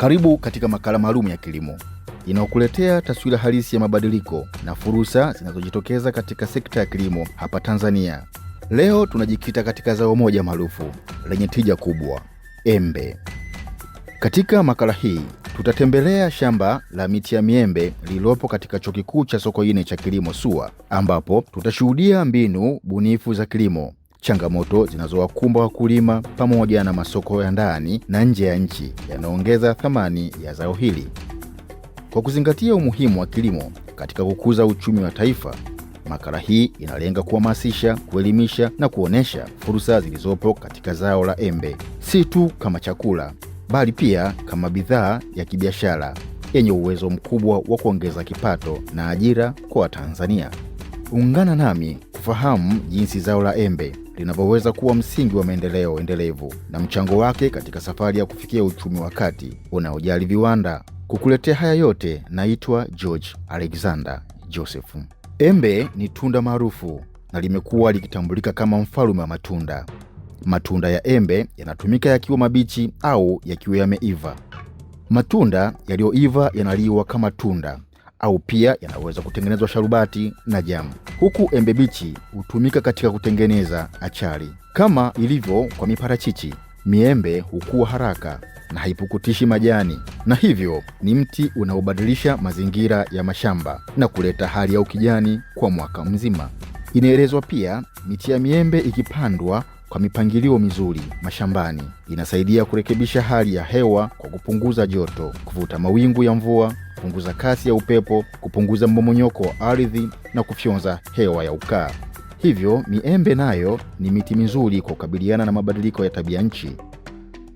Karibu katika makala maalum ya kilimo inayokuletea taswira halisi ya mabadiliko na fursa zinazojitokeza katika sekta ya kilimo hapa Tanzania. Leo tunajikita katika zao moja maarufu lenye tija kubwa, embe. Katika makala hii tutatembelea shamba la miti ya miembe lililopo katika Chuo Kikuu cha Sokoine cha Kilimo SUA, ambapo tutashuhudia mbinu bunifu za kilimo changamoto zinazowakumba wakulima pamoja na masoko ya ndani na nje ya nchi yanaongeza thamani ya zao hili. Kwa kuzingatia umuhimu wa kilimo katika kukuza uchumi wa taifa, makala hii inalenga kuhamasisha, kuelimisha na kuonesha fursa zilizopo katika zao la embe, si tu kama chakula, bali pia kama bidhaa ya kibiashara yenye uwezo mkubwa wa kuongeza kipato na ajira kwa Watanzania. Ungana nami kufahamu jinsi zao la embe linavyoweza kuwa msingi wa maendeleo endelevu na mchango wake katika safari ya kufikia uchumi wa kati unaojali viwanda. Kukuletea haya yote, naitwa George Alexander Joseph. Embe ni tunda maarufu na limekuwa likitambulika kama mfalme wa matunda. Matunda ya embe yanatumika yakiwa mabichi au yakiwa yameiva. Matunda yaliyoiva yanaliwa kama tunda au pia yanaweza kutengenezwa sharubati na jamu, huku embe bichi hutumika katika kutengeneza achari. Kama ilivyo kwa miparachichi, miembe hukua haraka na haipukutishi majani na hivyo ni mti unaobadilisha mazingira ya mashamba na kuleta hali ya ukijani kwa mwaka mzima. Inaelezwa pia miti ya miembe ikipandwa kwa mipangilio mizuri mashambani. Inasaidia kurekebisha hali ya hewa kwa kupunguza joto, kuvuta mawingu ya mvua, kupunguza kasi ya upepo, kupunguza mmomonyoko wa ardhi na kufyonza hewa ya ukaa. Hivyo miembe nayo ni miti mizuri kwa kukabiliana na mabadiliko ya tabia nchi.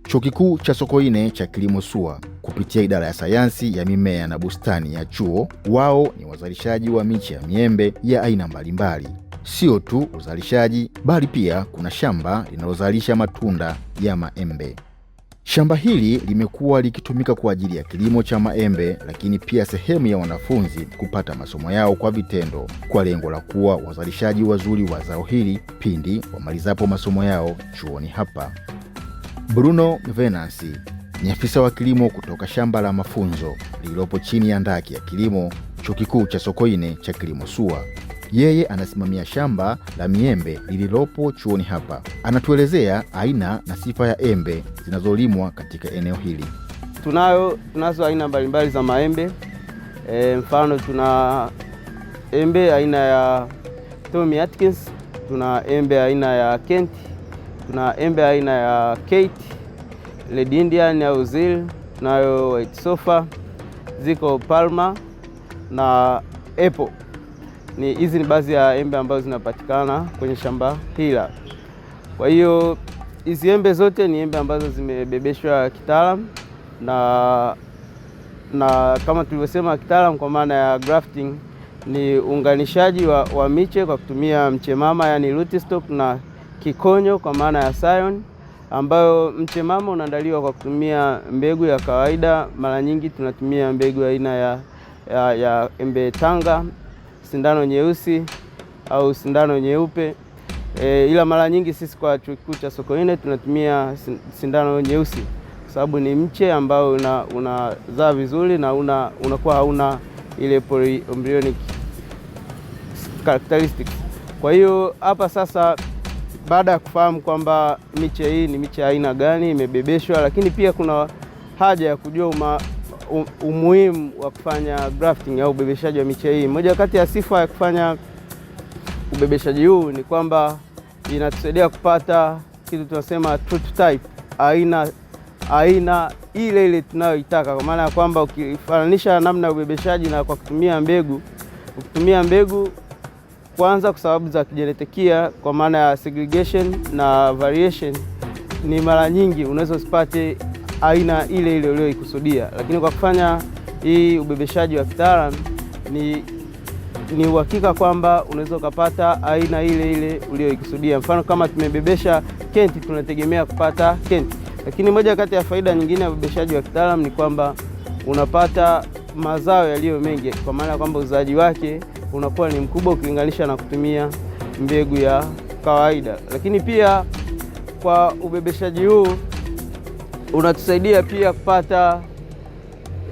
Chuo Kikuu cha Sokoine cha Kilimo SUA kupitia idara ya sayansi ya mimea na bustani ya chuo, wao ni wazalishaji wa miche ya miembe ya aina mbalimbali sio tu uzalishaji, bali pia kuna shamba linalozalisha matunda ya maembe. Shamba hili limekuwa likitumika kwa ajili ya kilimo cha maembe, lakini pia sehemu ya wanafunzi kupata masomo yao kwa vitendo, kwa lengo la kuwa wazalishaji wazuri wa zao hili pindi wamalizapo masomo yao chuoni hapa. Bruno Venansi ni afisa wa kilimo kutoka shamba la mafunzo lililopo chini ya ndaki ya kilimo, Chuo Kikuu cha Sokoine cha Kilimo SUA. Yeye anasimamia shamba la miembe lililopo chuoni hapa. Anatuelezea aina na sifa ya embe zinazolimwa katika eneo hili. Tunayo, tunazo aina mbalimbali za maembe e, mfano tuna embe aina ya Tommy Atkins, tuna embe aina ya Kent, tuna embe aina ya Kate, Red Indian au Zil, tunayo White Sofa, ziko Palma na Apple ni hizi ni baadhi ya embe ambazo zinapatikana kwenye shamba hila. Kwa hiyo hizi embe zote ni embe ambazo zimebebeshwa kitaalamu na, na kama tulivyosema kitaalamu kwa maana ya grafting ni uunganishaji wa, wa miche kwa kutumia mche mama yani rootstock na kikonyo kwa maana ya scion, ambayo mche mama unaandaliwa kwa kutumia mbegu ya kawaida. Mara nyingi tunatumia mbegu aina ya, ya, ya embe tanga sindano nyeusi au sindano nyeupe e, ila mara nyingi sisi kwa chuo kikuu cha Sokoine tunatumia sindano nyeusi kwa sababu ni mche ambao unazaa una vizuri na una, unakuwa hauna ile polyembryonic characteristics. Kwa hiyo hapa sasa, baada ya kufahamu kwamba miche hii ni miche aina gani, imebebeshwa, lakini pia kuna haja ya kujua umuhimu wa kufanya grafting au ubebeshaji wa miche hii. Moja kati ya sifa ya kufanya ubebeshaji huu ni kwamba inatusaidia kupata kitu tunasema true type, aina aina ile ile tunayoitaka, kwa maana ya kwamba ukifananisha namna ya ubebeshaji na kwa kutumia mbegu, ukitumia mbegu kwanza, kwa sababu za kijenetikia, kwa maana ya segregation na variation, ni mara nyingi unaweza usipate aina ile ile uliyoikusudia, lakini kwa kufanya hii ubebeshaji wa kitaalamu ni ni uhakika kwamba unaweza ukapata aina ile ile uliyoikusudia. Mfano, kama tumebebesha kenti, tunategemea kupata kenti. Lakini moja kati ya faida nyingine ya ubebeshaji wa kitaalamu ni kwamba unapata mazao yaliyo mengi, kwa maana ya kwamba uzaaji wake unakuwa ni mkubwa ukilinganisha na kutumia mbegu ya kawaida. Lakini pia kwa ubebeshaji huu unatusaidia pia kupata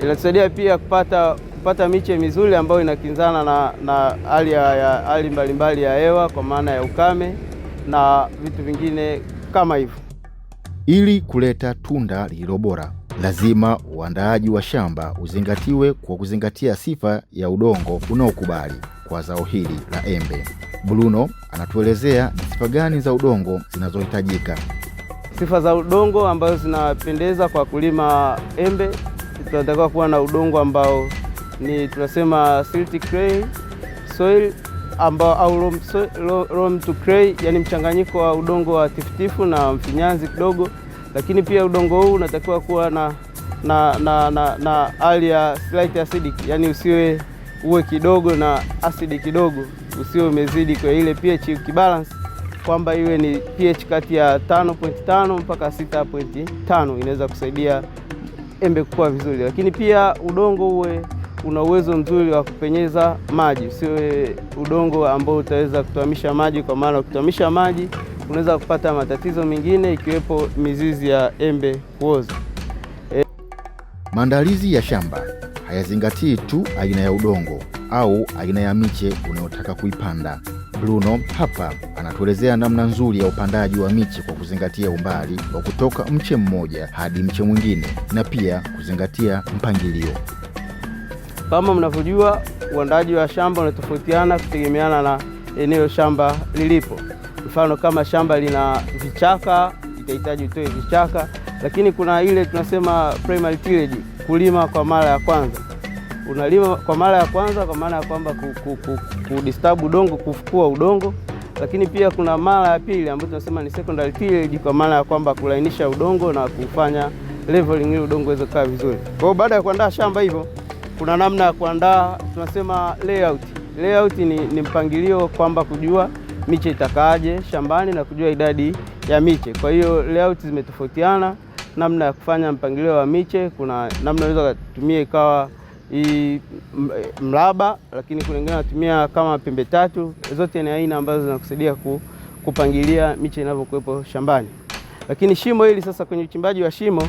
inatusaidia pia kupata kupata miche mizuri ambayo inakinzana na na hali ya hali mbalimbali ya hewa kwa maana ya ukame na vitu vingine kama hivyo. Ili kuleta tunda lililo bora, lazima uandaaji wa shamba uzingatiwe kwa kuzingatia sifa ya udongo unaokubali kwa zao hili la embe. Bruno anatuelezea ni sifa gani za udongo zinazohitajika sifa za udongo ambazo zinapendeza kwa kulima embe, tunatakiwa kuwa na udongo ambao ni tunasema silty clay soil ambao au loam, soil, loam to clay, yani mchanganyiko wa udongo wa tifutifu na mfinyanzi kidogo, lakini pia udongo huu unatakiwa kuwa na na na na, na hali ya slight acidic, yani usiwe uwe kidogo na asidi kidogo, usiwe umezidi kwa ile pH ukibalance kwamba iwe ni pH kati ya 5.5 mpaka 6.5, inaweza kusaidia embe kukua vizuri, lakini pia udongo uwe una uwezo mzuri wa kupenyeza maji, usiwe udongo ambao utaweza kutuamisha maji, kwa maana ukitwamisha maji unaweza kupata matatizo mengine ikiwepo mizizi ya embe kuoza. E, maandalizi ya shamba hayazingatii tu aina ya udongo au aina ya miche unayotaka kuipanda. Bruno hapa anatuelezea namna nzuri ya upandaji wa miche kwa kuzingatia umbali wa kutoka mche mmoja hadi mche mwingine na pia kuzingatia mpangilio. Kama mnavyojua, uandaji wa shamba unatofautiana kutegemeana na eneo shamba lilipo. Mfano, kama shamba lina vichaka itahitaji utoe vichaka, lakini kuna ile tunasema primary tillage, kulima kwa mara ya kwanza. Unalima kwa mara ya kwanza kwa maana ya kwamba kudisturb udongo, kufukua udongo. Lakini pia kuna mara ya pili ambayo tunasema ni secondary tillage, kwa maana ya kwamba kulainisha udongo na kufanya leveling ili udongo uweze kukaa vizuri. Kwa hiyo baada ya kuandaa shamba hivyo, kuna namna ya kuandaa tunasema layout. Layout ni, ni mpangilio kwamba kujua miche itakaaje shambani na kujua idadi ya miche. Kwa hiyo layout zimetofautiana namna ya kufanya mpangilio wa miche. Kuna namna unaweza kutumia ikawa hii mraba, lakini kuna wengine wanatumia kama pembe tatu. Zote ni aina ambazo zinakusaidia ku, kupangilia miche inavyokuwepo shambani. Lakini shimo hili sasa, kwenye uchimbaji wa shimo,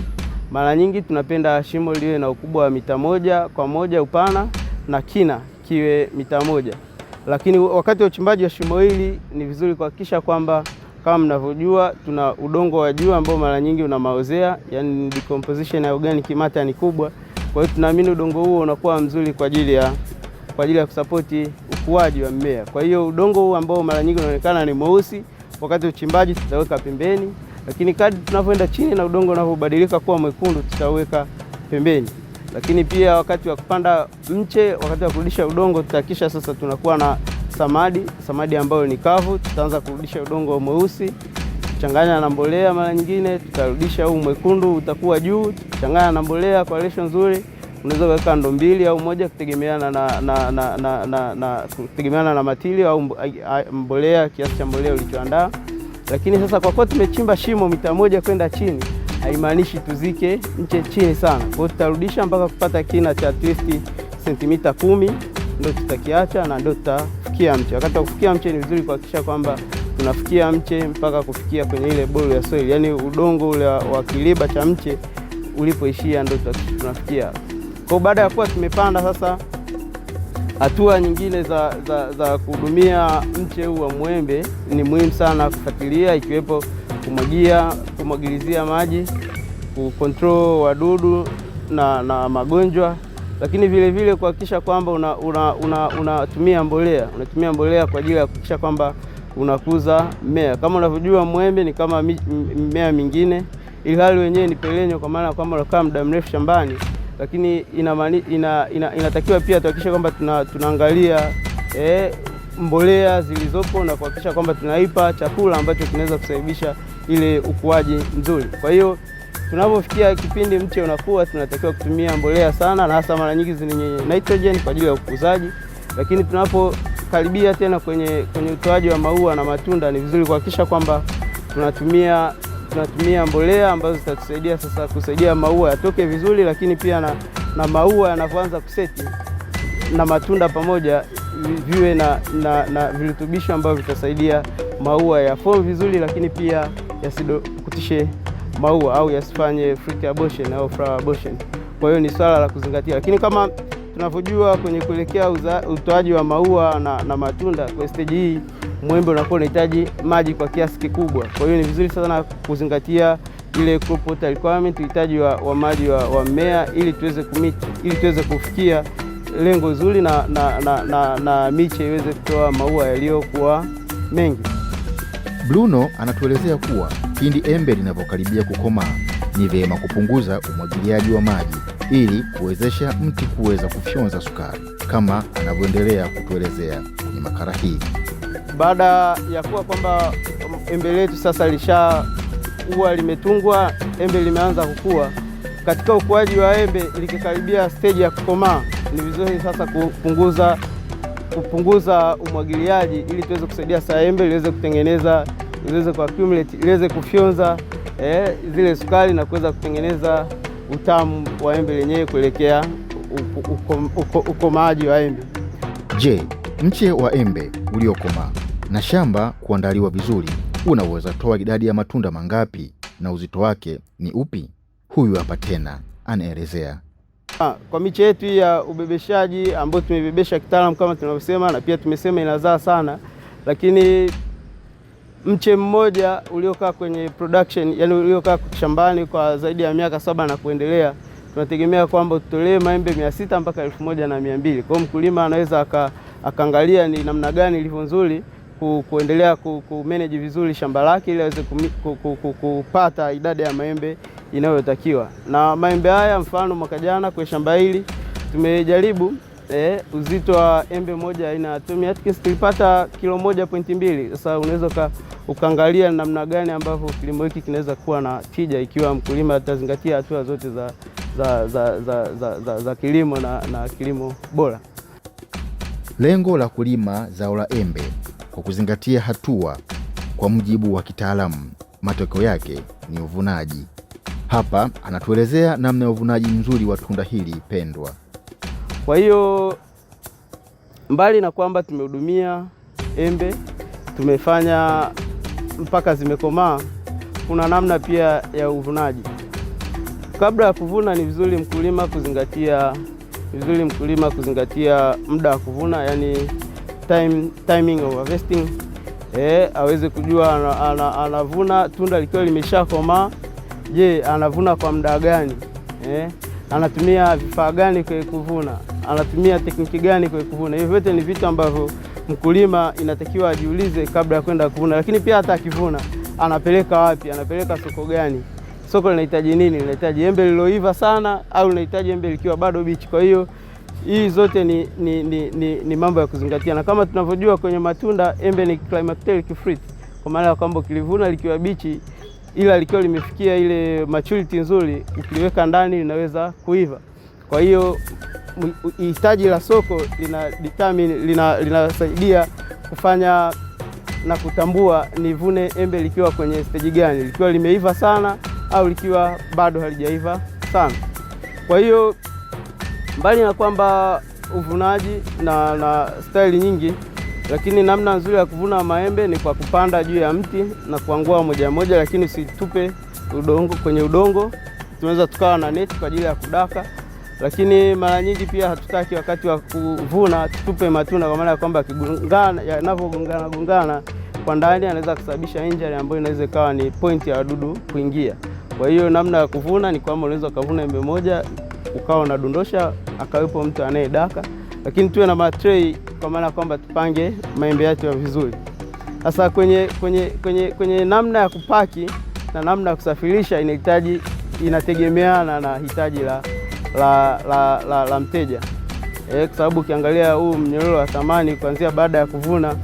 mara nyingi tunapenda shimo liwe na ukubwa wa mita moja kwa moja upana na kina kiwe mita moja. Lakini wakati wa uchimbaji wa shimo hili ni vizuri kuhakikisha kwamba kama mnavyojua tuna udongo wa juu ambao mara nyingi una maozea, yani decomposition ya organic matter ni kubwa. Kwa hiyo tunaamini udongo huo unakuwa mzuri kwa ajili ya kwa ajili ya kusapoti ukuaji wa mmea. Kwa hiyo udongo huu ambao mara nyingi unaonekana ni mweusi wakati uchimbaji, tutaweka pembeni, lakini kadri tunavyoenda chini na udongo unavyobadilika kuwa mwekundu, tutaweka pembeni. Lakini pia wakati wa kupanda mche, wakati wa kurudisha udongo, tutahakisha sasa tunakuwa na samadi, samadi ambayo ni kavu, tutaanza kurudisha udongo mweusi. Tukichanganya na mbolea mara nyingine tutarudisha huu mwekundu utakuwa juu, tukichanganya na mbolea kwa lesho nzuri unaweza kuweka ndo mbili au moja kutegemeana na, na, na, na, na, na, kutegemeana na matili au mbolea kiasi cha mbolea ulichoandaa. Lakini sasa kwa kuwa tumechimba shimo mita moja kwenda chini, haimaanishi tuzike nche chini sana. Kwa hiyo tutarudisha mpaka kupata kina cha at least sentimita kumi, ndio tutakiacha na ndio tutafikia mche. Wakati wa kufikia mche ni vizuri kuhakikisha kwamba kwa tunafikia mche mpaka kufikia kwenye ile bolo ya soil, yaani udongo ule wa kiliba cha mche ulipoishia ndo tunafikia kwa. Baada ya kuwa tumepanda sasa, hatua nyingine za, za, za kuhudumia mche huu wa mwembe ni muhimu sana kufuatilia, ikiwepo kumwagia, kumwagilizia maji, kukontrol wadudu na, na magonjwa lakini vile vile kuhakikisha kwamba unatumia una, una, una mbolea unatumia mbolea kwa ajili ya kuhakikisha kwamba unakuza mmea. Kama unavyojua mwembe ni kama mmea mingine, ilhali wenyewe ni pelenyo, kwa maana kwamba unakaa muda mrefu shambani, lakini inamani, ina, ina, inatakiwa pia tuhakikishe kwamba tuna, tunaangalia eh, mbolea zilizopo na kuhakikisha kwamba tunaipa chakula ambacho kinaweza kusababisha ile ukuaji mzuri. Kwa hiyo tunapofikia kipindi mche unakuwa, tunatakiwa kutumia mbolea sana, na hasa mara nyingi zenye nitrogen kwa ajili ya ukuzaji, lakini tunapo tunakaribia tena kwenye, kwenye utoaji wa maua na matunda ni vizuri kuhakikisha kwamba tunatumia, tunatumia mbolea ambazo zitatusaidia sasa kusaidia maua yatoke vizuri, lakini pia na, na maua yanavyoanza kuseti na matunda pamoja viwe na, na, na virutubisho ambavyo vitasaidia maua ya form vizuri, lakini pia yasidokutishe maua au yasifanye fruit abortion au flower abortion. Kwa hiyo ni swala la kuzingatia, lakini kama tunavyojua kwenye kuelekea utoaji wa maua na, na matunda kwa stage hii mwembe unakuwa unahitaji maji kwa kiasi kikubwa. Kwa hiyo ni vizuri sana kuzingatia ile crop water requirement, uhitaji wa, wa maji wa, wa mmea ili tuweze kumiti, ili tuweze kufikia lengo zuri na, na, na, na, na miche iweze kutoa maua yaliyokuwa mengi. Bruno anatuelezea kuwa pindi embe linapokaribia kukomaa ni vyema kupunguza umwagiliaji wa maji ili kuwezesha mtu kuweza kufyonza sukari kama anavyoendelea kutuelezea kwenye makala hii. Baada ya kuwa kwamba um, embe letu sasa lisha huwa limetungwa, embe limeanza kukua. Katika ukuaji wa embe likikaribia steji ya kukomaa, ni vizuri sasa kupunguza kupunguza umwagiliaji ili tuweze kusaidia saa embe liweze kutengeneza liweze kuaccumulate liweze kufyonza eh, zile sukari na kuweza kutengeneza utamu wa embe lenyewe kuelekea ukomaji wa embe. Je, mche wa embe uliokomaa na shamba kuandaliwa vizuri unaweza toa idadi ya matunda mangapi na uzito wake ni upi? Huyu hapa tena anaelezea. Ah, kwa miche yetu hii ya ubebeshaji ambayo tumebebesha kitaalamu kama tunavyosema, na pia tumesema inazaa sana, lakini mche mmoja uliokaa kwenye production, yani uliokaa shambani kwa zaidi ya miaka saba na kuendelea, tunategemea kwamba tutolee maembe mia sita mpaka elfu moja na mia mbili. Kwa hiyo mkulima anaweza akaangalia ni namna gani ilivyo nzuri kuendelea manage vizuri shamba lake ili aweze kupata idadi ya maembe inayotakiwa. Na maembe haya mfano mwaka jana kwenye shamba hili tumejaribu eh, uzito wa embe moja aina ya Tommy Atkins tulipata kilo moja pointi mbili. Sasa unaweza ukaangalia namna gani ambavyo kilimo hiki kinaweza kuwa na tija ikiwa mkulima atazingatia hatua zote za, za, za, za, za, za, za kilimo na, na kilimo bora. Lengo la kulima zao la embe kwa kuzingatia hatua kwa mujibu wa kitaalamu, matokeo yake ni uvunaji. Hapa anatuelezea namna ya uvunaji mzuri wa tunda hili pendwa. Kwa hiyo mbali na kwamba tumehudumia embe, tumefanya mpaka zimekomaa, kuna namna pia ya uvunaji. Kabla ya kuvuna, ni vizuri mkulima kuzingatia vizuri mkulima kuzingatia muda wa kuvuna, yani time, timing of harvesting eh, aweze kujua ana, ana, anavuna tunda likiwa limeshakomaa. Je, anavuna kwa muda gani? Eh, anatumia vifaa gani kuvuna? anatumia tekniki gani kwa kuvuna. Hivyo vyote ni vitu ambavyo mkulima inatakiwa ajiulize kabla ya kwenda kuvuna, lakini pia hata akivuna anapeleka wapi, anapeleka soko gani, soko linahitaji nini, linahitaji embe liloiva sana au linahitaji embe likiwa bado bichi. Kwa hiyo hii zote ni, ni, ni, ni, ni mambo ya kuzingatia, na kama tunavyojua kwenye matunda embe ni climacteric fruit, kwa maana ya kwamba ukilivuna likiwa bichi ila likiwa limefikia ile maturity nzuri, ukiliweka ndani linaweza kuiva. Kwa hiyo hitaji la soko lina determine linasaidia kufanya na kutambua nivune embe likiwa kwenye steji gani, likiwa limeiva sana au likiwa bado halijaiva sana. Kwa hiyo mbali na kwamba uvunaji na, na staili nyingi, lakini namna nzuri ya kuvuna maembe ni kwa kupanda juu ya mti na kuangua moja moja, lakini usitupe udongo kwenye udongo, tunaweza tukawa na neti kwa ajili ya kudaka lakini mara nyingi pia hatutaki wakati wa kuvuna tutupe matunda, kwa maana ya kwamba yakigongana, gongana kwa ndani anaweza kusababisha injury ambayo inaweza ikawa ni point ya wadudu kuingia. Kwa hiyo namna ya kuvuna ni kwamba unaweza ukavuna embe moja ukawa unadondosha akawepo mtu anayedaka, lakini tuwe na matrei, kwa maana kwamba tupange maembe yetu vizuri. Sasa kwenye, kwenye, kwenye, kwenye namna ya kupaki na namna ya kusafirisha inahitaji, inategemeana na hitaji la la, la, la, la mteja e, kwa sababu ukiangalia huu mnyororo wa thamani kuanzia baada ya kuvuna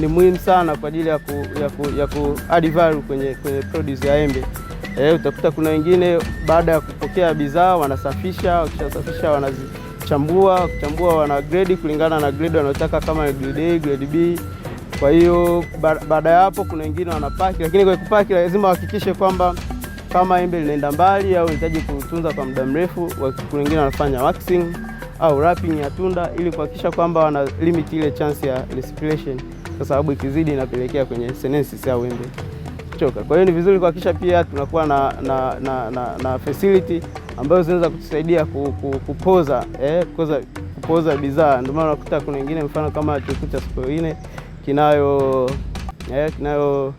ni muhimu sana kwa ajili ya ku, ya ku, ya ku add value kwenye, kwenye produce ya embe e, utakuta kuna wengine baada ya kupokea bidhaa wanasafisha, wakishasafisha wanazichambua, wakichambua wana grade kulingana na grade wanaotaka kama grade A, grade B kwa hiyo baada ya hapo kuna wengine wanapaki, lakini kwa kupaki lazima wahakikishe kwamba kama embe linaenda mbali au unahitaji kutunza kwa muda mrefu, kuna wengine wanafanya waxing au wrapping ya tunda ili kuhakikisha kwamba wana limit ile chance ya respiration, kwa sababu ikizidi inapelekea kwenye senescence au embe choka. Kwa hiyo ni vizuri kuhakikisha pia tunakuwa na, na, na, na, na facility ambayo zinaweza kutusaidia kupoza eh, kupoza, kupoza bidhaa. Ndio maana unakuta kuna wengine mfano kama chukucha siku kinayo eh, kinayo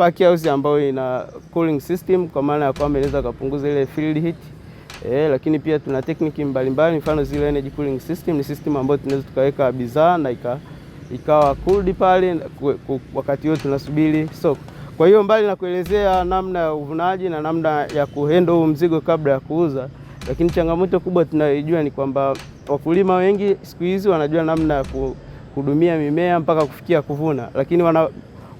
park house ambayo ina cooling system kwa maana ya kwamba inaweza kupunguza ile field heat e, lakini pia tuna tekniki mbalimbali, mfano zile energy cooling system ni system ambayo tunaweza tukaweka bidhaa na ika, ikawa cooled pale wakati wote tunasubiri soko. Kwa hiyo mbali na kuelezea namna ya uvunaji na namna ya kuhandle huu mzigo kabla ya kuuza, lakini changamoto kubwa tunayojua ni kwamba wakulima wengi siku hizi wanajua namna ya kuhudumia mimea mpaka kufikia kuvuna, lakini wana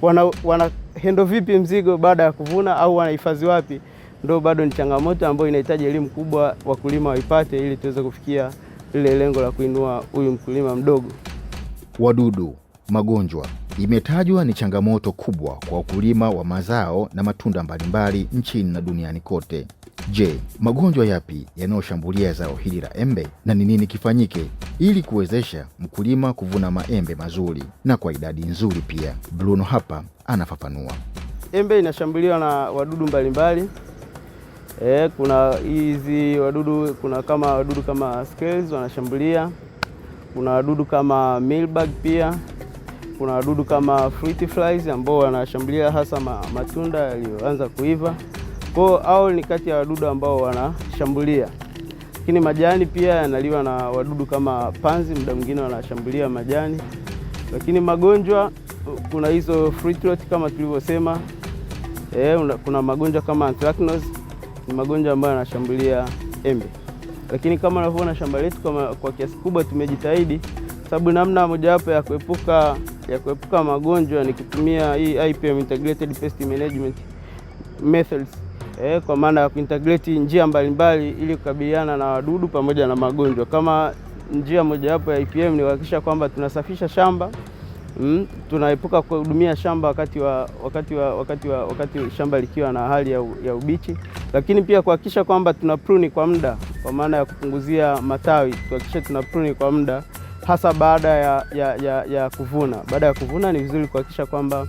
wana, wana hendo vipi mzigo baada ya kuvuna au wanahifadhi wapi, ndo bado ni changamoto ambayo inahitaji elimu kubwa wakulima waipate, ili tuweze kufikia lile lengo la kuinua huyu mkulima mdogo. Wadudu, magonjwa imetajwa ni changamoto kubwa kwa wakulima wa mazao na matunda mbalimbali nchini na duniani kote. Je, magonjwa yapi yanayoshambulia zao hili la embe na ni nini kifanyike ili kuwezesha mkulima kuvuna maembe mazuri na kwa idadi nzuri? Pia Bruno hapa anafafanua. Embe inashambuliwa na wadudu mbalimbali mbali. E, kuna hizi wadudu, kuna kama wadudu kama scales wanashambulia, kuna wadudu kama mealbug pia kuna wadudu kama fruit flies ambao wanashambulia hasa matunda yaliyoanza kuiva. Kwa hao ni kati ya wadudu ambao wanashambulia, lakini majani pia yanaliwa na wadudu kama panzi, muda mwingine wanashambulia majani. Lakini magonjwa, kuna hizo fruit rot kama tulivyosema. E, kuna magonjwa kama anthracnose ni magonjwa ambayo yanashambulia embe, lakini kama unavyoona shamba letu kwa, kwa kiasi kubwa tumejitahidi, sababu namna mojawapo ya kuepuka ya kuepuka magonjwa ni kutumia hii IPM integrated pest management methods e, kwa maana ya kuintegrate njia mbalimbali ili kukabiliana na wadudu pamoja na magonjwa. Kama njia mojawapo ya IPM ni kuhakikisha kwamba tunasafisha shamba mm, tunaepuka kuhudumia shamba wakati wa, wakati wa, wakati wa, wakati shamba likiwa na hali ya, ya ubichi, lakini pia kuhakikisha kwamba tuna pruni kwa muda, kwa maana ya kupunguzia matawi, tuhakikishe tuna pruni kwa muda hasa baada ya, ya, ya, ya kuvuna. Baada ya kuvuna ni vizuri kuhakikisha kwamba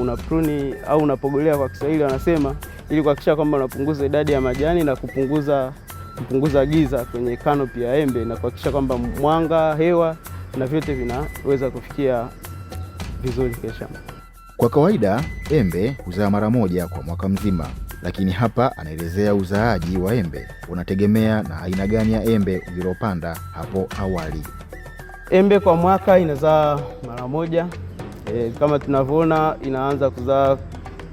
una pruni au unapogolea, kwa Kiswahili wanasema ili kuhakikisha kwamba unapunguza idadi ya majani na kupunguza, kupunguza giza kwenye kanopi ya embe na kuhakikisha kwamba mwanga, hewa na vyote vinaweza kufikia vizuri kwenye shamba. Kwa kawaida embe huzaa mara moja kwa mwaka mzima, lakini hapa anaelezea uzaaji wa embe unategemea na aina gani ya embe ulilopanda hapo awali. Embe kwa mwaka inazaa mara moja e, kama tunavyoona inaanza kuzaa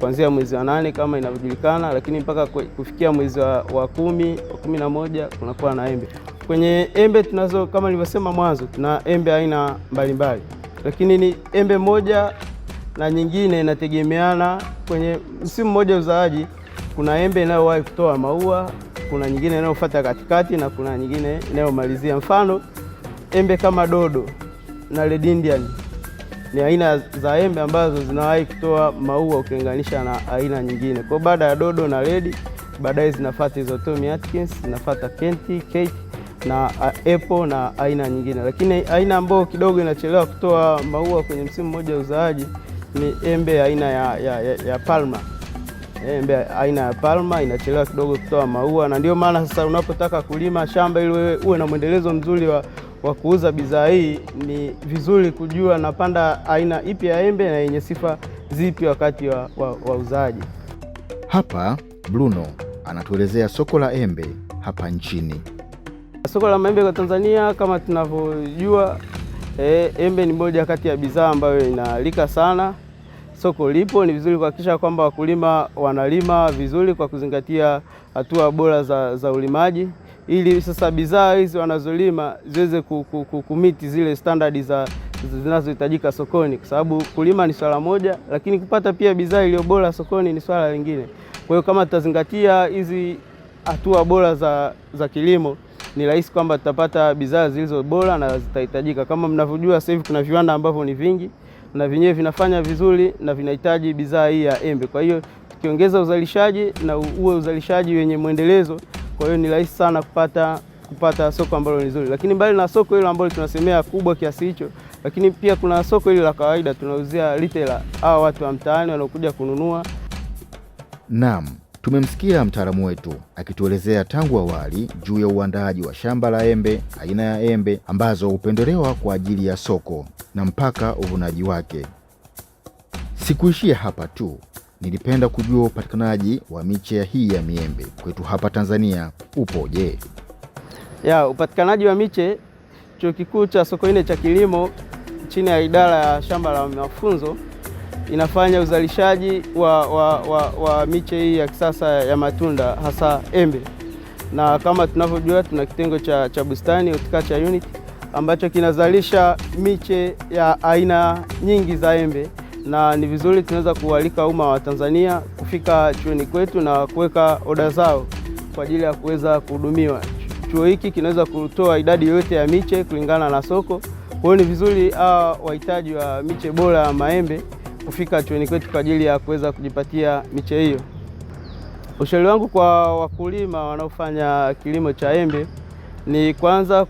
kuanzia mwezi wa nane kama inavyojulikana, lakini mpaka kufikia mwezi wa, wa kumi wa kumi na moja kunakuwa na embe. Kwenye embe tunazo kama nilivyosema mwanzo, tuna embe aina mbalimbali, lakini ni embe moja na nyingine inategemeana. Kwenye msimu mmoja uzaaji, kuna embe inayowahi kutoa maua, kuna nyingine inayofuata katikati na kuna nyingine inayomalizia. Mfano embe kama dodo na red indian ni aina za embe ambazo zinawahi kutoa maua ukilinganisha na aina nyingine. Kwa baada ya dodo na redi, baadaye zinafata hizo Tommy Atkins, zinafata Kenti, cake na uh, apple na aina nyingine, lakini aina ambayo kidogo inachelewa kutoa maua kwenye msimu mmoja uzaaji ni embe aina ya, ya, ya, ya palma. Embe aina ya palma inachelewa kidogo kutoa maua, na ndio maana sasa unapotaka kulima shamba ili uwe na mwendelezo mzuri wa wa kuuza bidhaa hii, ni vizuri kujua napanda aina ipi ya embe na yenye sifa zipi wakati wa, wauzaji wa Hapa Bruno anatuelezea soko la embe hapa nchini. Soko la maembe kwa Tanzania kama tunavyojua e, embe ni moja kati ya bidhaa ambayo inalika sana. Soko lipo, ni vizuri kuhakikisha kwamba wakulima wanalima vizuri kwa kuzingatia hatua bora za, za ulimaji ili sasa bidhaa hizi wanazolima ziweze kumiti zile standardi za zinazohitajika sokoni, kwa sababu kulima ni swala moja, lakini kupata pia bidhaa iliyo bora sokoni ni swala lingine. Kwa hiyo kama tutazingatia hizi hatua bora za, za kilimo ni rahisi kwamba tutapata bidhaa zilizo bora na zitahitajika. Kama mnavyojua sasa hivi kuna viwanda ambavyo ni vingi na vyenyewe vinafanya vizuri na vinahitaji bidhaa hii ya embe. Kwa hiyo tukiongeza uzalishaji na uwe uzalishaji wenye mwendelezo kwa hiyo ni rahisi sana kupata kupata soko ambalo ni zuri, lakini mbali na soko hilo ambalo tunasemea kubwa kiasi hicho, lakini pia kuna soko hili la kawaida tunauzia retail hawa watu wa mtaani wanaokuja kununua. Naam, tumemsikia mtaalamu wetu akituelezea tangu awali juu ya uandaaji wa shamba la embe, aina ya embe ambazo hupendelewa kwa ajili ya soko na mpaka uvunaji wake. Sikuishia hapa tu, Nilipenda kujua upatikanaji wa miche hii ya miembe kwetu hapa Tanzania upoje? Ya upatikanaji wa miche, Chuo Kikuu cha Sokoine cha Kilimo chini ya idara ya shamba la mafunzo inafanya uzalishaji wa, wa, wa, wa miche hii ya kisasa ya matunda hasa embe, na kama tunavyojua tuna kitengo cha, cha bustani horticulture unit ambacho kinazalisha miche ya aina nyingi za embe na ni vizuri tunaweza kualika umma wa Tanzania kufika chuoni kwetu na kuweka oda zao kwa ajili ya kuweza kuhudumiwa. Chuo hiki kinaweza kutoa idadi yoyote ya miche kulingana na soko. Kwa hiyo ni vizuri hawa wahitaji wa miche bora ya maembe kufika chuoni kwetu kwa ajili ya kuweza kujipatia miche hiyo. Ushauri wangu kwa wakulima wanaofanya kilimo cha embe ni kwanza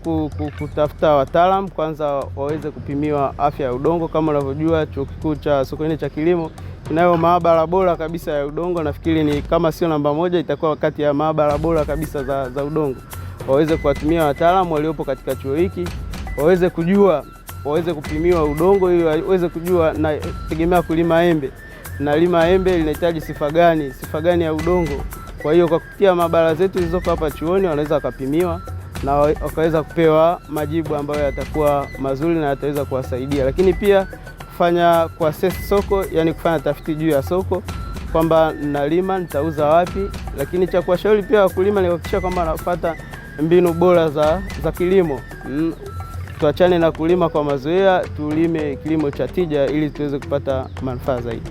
kutafuta wataalamu kwanza waweze kupimiwa afya ya udongo. Kama unavyojua chuo kikuu cha Sokoine cha kilimo inayo maabara bora kabisa ya udongo, nafikiri ni kama sio namba moja, itakuwa kati ya maabara bora kabisa za, za udongo. Waweze kuwatumia wataalamu waliopo katika chuo hiki waweze kujua, waweze kupimiwa udongo ili waweze kujua, na tegemea kulima embe na lima embe linahitaji sifa gani, sifa gani ya udongo. Kwa hiyo kwa kupitia maabara zetu zilizopo hapa chuoni wanaweza wakapimiwa na wakaweza kupewa majibu ambayo yatakuwa mazuri na yataweza kuwasaidia. Lakini pia kufanya kuassess soko, yani kufanya tafiti juu ya soko kwamba nalima nitauza wapi, lakini cha kuwashauri pia wakulima ni kuhakikisha kwamba wanapata mbinu bora za, za kilimo mm. Tuachane na kulima kwa mazoea, tulime kilimo cha tija ili tuweze kupata manufaa zaidi.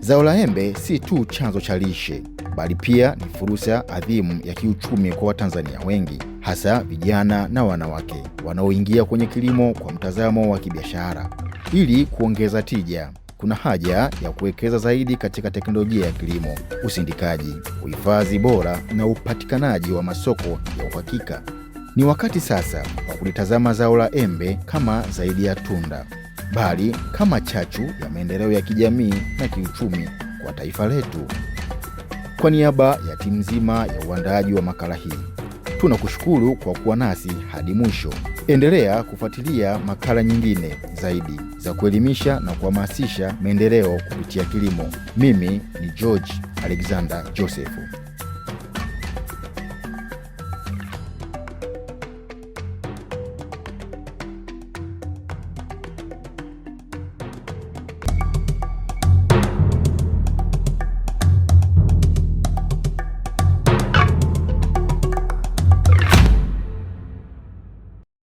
Zao la embe si tu chanzo cha lishe, bali pia ni fursa adhimu ya kiuchumi kwa Watanzania wengi hasa vijana na wanawake wanaoingia kwenye kilimo kwa mtazamo wa kibiashara. Ili kuongeza tija, kuna haja ya kuwekeza zaidi katika teknolojia ya kilimo, usindikaji, uhifadhi bora na upatikanaji wa masoko ya uhakika. Ni wakati sasa wa kulitazama zao la embe kama zaidi ya tunda, bali kama chachu ya maendeleo ya kijamii na kiuchumi kwa taifa letu. Kwa niaba ya timu nzima ya uandaaji wa makala hii Tunakushukuru kwa kuwa nasi hadi mwisho. Endelea kufuatilia makala nyingine zaidi za kuelimisha na kuhamasisha maendeleo kupitia kilimo. Mimi ni George Alexander Joseph.